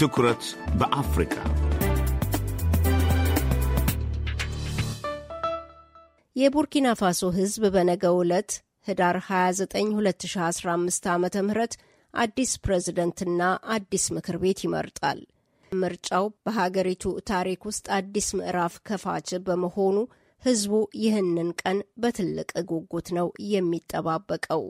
ትኩረት በአፍሪካ የቡርኪና ፋሶ ህዝብ በነገው ዕለት ህዳር 29 2015 ዓ ም አዲስ ፕሬዝደንትና አዲስ ምክር ቤት ይመርጣል። ምርጫው በሀገሪቱ ታሪክ ውስጥ አዲስ ምዕራፍ ከፋች በመሆኑ ህዝቡ ይህንን ቀን በትልቅ ጉጉት ነው የሚጠባበቀው።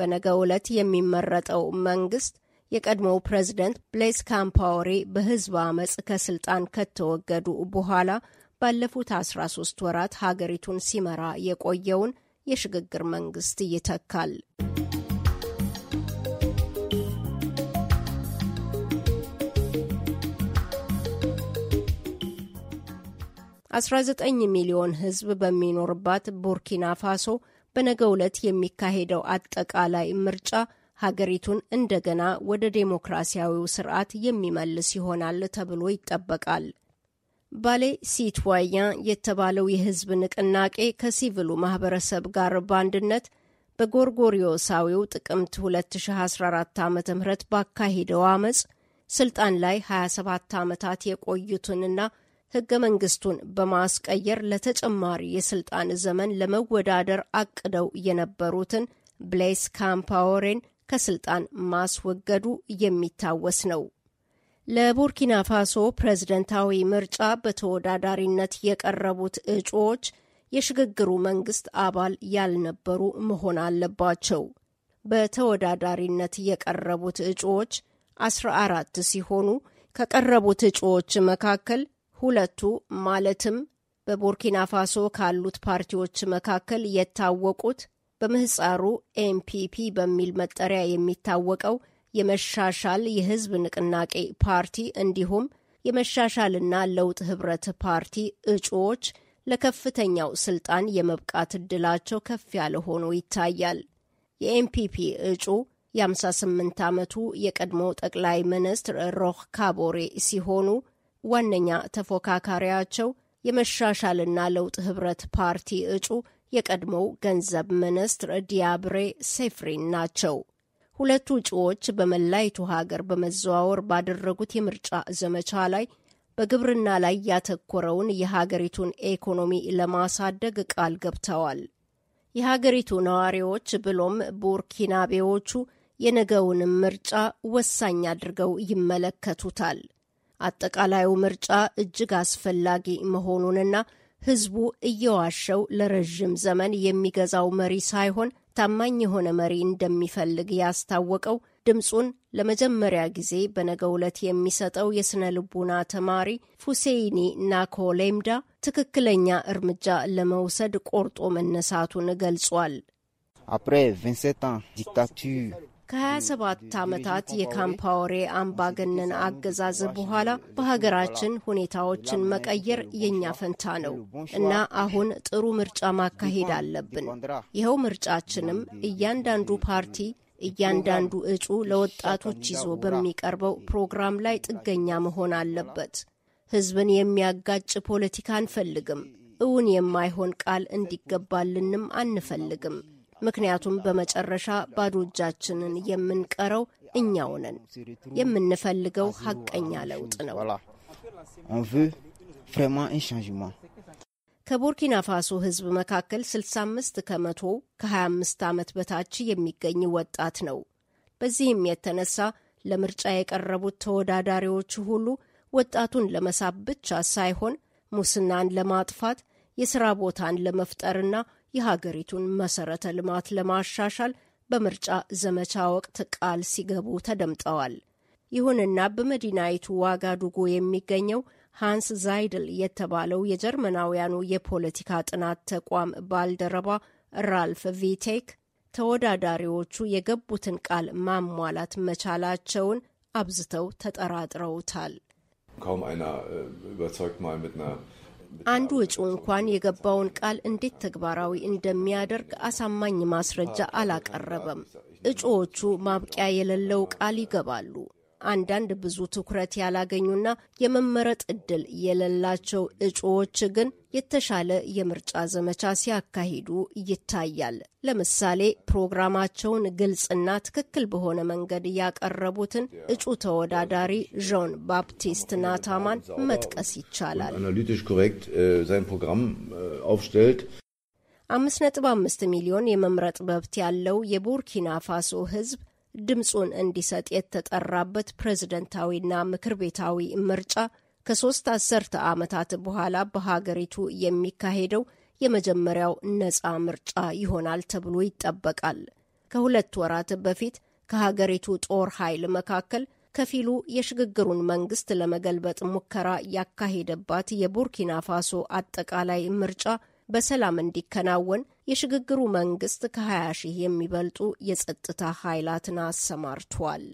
በነገው ዕለት የሚመረጠው መንግስት የቀድሞው ፕሬዝደንት ብሌስ ካምፓወሬ በህዝብ አመፅ ከስልጣን ከተወገዱ በኋላ ባለፉት 13 ወራት ሀገሪቱን ሲመራ የቆየውን የሽግግር መንግስት ይተካል። አስራ ዘጠኝ ሚሊዮን ህዝብ በሚኖርባት ቡርኪና ፋሶ በነገ ዕለት የሚካሄደው አጠቃላይ ምርጫ ሀገሪቱን እንደገና ወደ ዴሞክራሲያዊው ስርዓት የሚመልስ ይሆናል ተብሎ ይጠበቃል። ባሌ ሲትዋያ የተባለው የህዝብ ንቅናቄ ከሲቪሉ ማህበረሰብ ጋር በአንድነት በጎርጎሪዮሳዊው ጥቅምት 2014 ዓ ም ባካሄደው አመፅ ስልጣን ላይ 27 ዓመታት የቆዩትንና ህገ መንግስቱን በማስቀየር ለተጨማሪ የስልጣን ዘመን ለመወዳደር አቅደው የነበሩትን ብሌስ ካምፓወሬን ከስልጣን ማስወገዱ የሚታወስ ነው። ለቡርኪና ፋሶ ፕሬዝደንታዊ ምርጫ በተወዳዳሪነት የቀረቡት እጩዎች የሽግግሩ መንግስት አባል ያልነበሩ መሆን አለባቸው። በተወዳዳሪነት የቀረቡት እጩዎች 14 ሲሆኑ ከቀረቡት እጩዎች መካከል ሁለቱ ማለትም በቡርኪና ፋሶ ካሉት ፓርቲዎች መካከል የታወቁት በምህፃሩ ኤምፒፒ በሚል መጠሪያ የሚታወቀው የመሻሻል የህዝብ ንቅናቄ ፓርቲ እንዲሁም የመሻሻልና ለውጥ ህብረት ፓርቲ እጩዎች ለከፍተኛው ስልጣን የመብቃት እድላቸው ከፍ ያለ ሆኖ ይታያል። የኤምፒፒ እጩ የ58 ዓመቱ የቀድሞ ጠቅላይ ሚኒስትር ሮህ ካቦሬ ሲሆኑ ዋነኛ ተፎካካሪያቸው የመሻሻልና ለውጥ ህብረት ፓርቲ እጩ የቀድሞው ገንዘብ ሚኒስትር ዲያብሬ ሴፍሪን ናቸው። ሁለቱ እጩዎች በመላይቱ ሀገር በመዘዋወር ባደረጉት የምርጫ ዘመቻ ላይ በግብርና ላይ ያተኮረውን የሀገሪቱን ኢኮኖሚ ለማሳደግ ቃል ገብተዋል። የሀገሪቱ ነዋሪዎች ብሎም ቡርኪናቤዎቹ የነገውን ምርጫ ወሳኝ አድርገው ይመለከቱታል። አጠቃላዩ ምርጫ እጅግ አስፈላጊ መሆኑንና ህዝቡ እየዋሸው ለረዥም ዘመን የሚገዛው መሪ ሳይሆን ታማኝ የሆነ መሪ እንደሚፈልግ ያስታወቀው ድምፁን ለመጀመሪያ ጊዜ በነገ ዕለት የሚሰጠው የሥነ ልቡና ተማሪ ፉሴይኒ ናኮሌምዳ ትክክለኛ እርምጃ ለመውሰድ ቆርጦ መነሳቱን ገልጿል። ከ27 ዓመታት የካምፓወሬ አምባገነን አገዛዝ በኋላ በሀገራችን ሁኔታዎችን መቀየር የእኛ ፈንታ ነው እና አሁን ጥሩ ምርጫ ማካሄድ አለብን። ይኸው ምርጫችንም እያንዳንዱ ፓርቲ እያንዳንዱ እጩ ለወጣቶች ይዞ በሚቀርበው ፕሮግራም ላይ ጥገኛ መሆን አለበት። ሕዝብን የሚያጋጭ ፖለቲካ አንፈልግም። እውን የማይሆን ቃል እንዲገባልንም አንፈልግም። ምክንያቱም በመጨረሻ ባዶ እጃችንን የምንቀረው እኛው ነን። የምንፈልገው ሀቀኛ ለውጥ ነው። ከቡርኪና ፋሶ ሕዝብ መካከል 65 ከመቶ ከ25 ዓመት በታች የሚገኝ ወጣት ነው። በዚህም የተነሳ ለምርጫ የቀረቡት ተወዳዳሪዎች ሁሉ ወጣቱን ለመሳብ ብቻ ሳይሆን ሙስናን ለማጥፋት የስራ ቦታን ለመፍጠርና የሀገሪቱን መሰረተ ልማት ለማሻሻል በምርጫ ዘመቻ ወቅት ቃል ሲገቡ ተደምጠዋል። ይሁንና በመዲናይቱ ዱጎ የሚገኘው ሃንስ ዛይድል የተባለው የጀርመናውያኑ የፖለቲካ ጥናት ተቋም ባልደረባ ራልፍ ቪቴክ ተወዳዳሪዎቹ የገቡትን ቃል ማሟላት መቻላቸውን አብዝተው ተጠራጥረውታል። አንዱ እጩ እንኳን የገባውን ቃል እንዴት ተግባራዊ እንደሚያደርግ አሳማኝ ማስረጃ አላቀረበም። እጩዎቹ ማብቂያ የሌለው ቃል ይገባሉ። አንዳንድ ብዙ ትኩረት ያላገኙና የመመረጥ እድል የሌላቸው እጩዎች ግን የተሻለ የምርጫ ዘመቻ ሲያካሂዱ ይታያል። ለምሳሌ ፕሮግራማቸውን ግልጽና ትክክል በሆነ መንገድ ያቀረቡትን እጩ ተወዳዳሪ ዣን ባፕቲስት ናታማን መጥቀስ ይቻላል። äh, äh, አምስት ነጥብ አምስት ሚሊዮን የመምረጥ መብት ያለው የቡርኪና ፋሶ ህዝብ። ድምፁን እንዲሰጥ የተጠራበት ፕሬዝደንታዊና ምክር ቤታዊ ምርጫ ከሶስት አስርተ ዓመታት በኋላ በሀገሪቱ የሚካሄደው የመጀመሪያው ነፃ ምርጫ ይሆናል ተብሎ ይጠበቃል። ከሁለት ወራት በፊት ከሀገሪቱ ጦር ኃይል መካከል ከፊሉ የሽግግሩን መንግስት ለመገልበጥ ሙከራ ያካሄደባት የቡርኪና ፋሶ አጠቃላይ ምርጫ በሰላም እንዲከናወን የሽግግሩ መንግስት ከ20 ሺህ የሚበልጡ የጸጥታ ኃይላትን አሰማርቷል።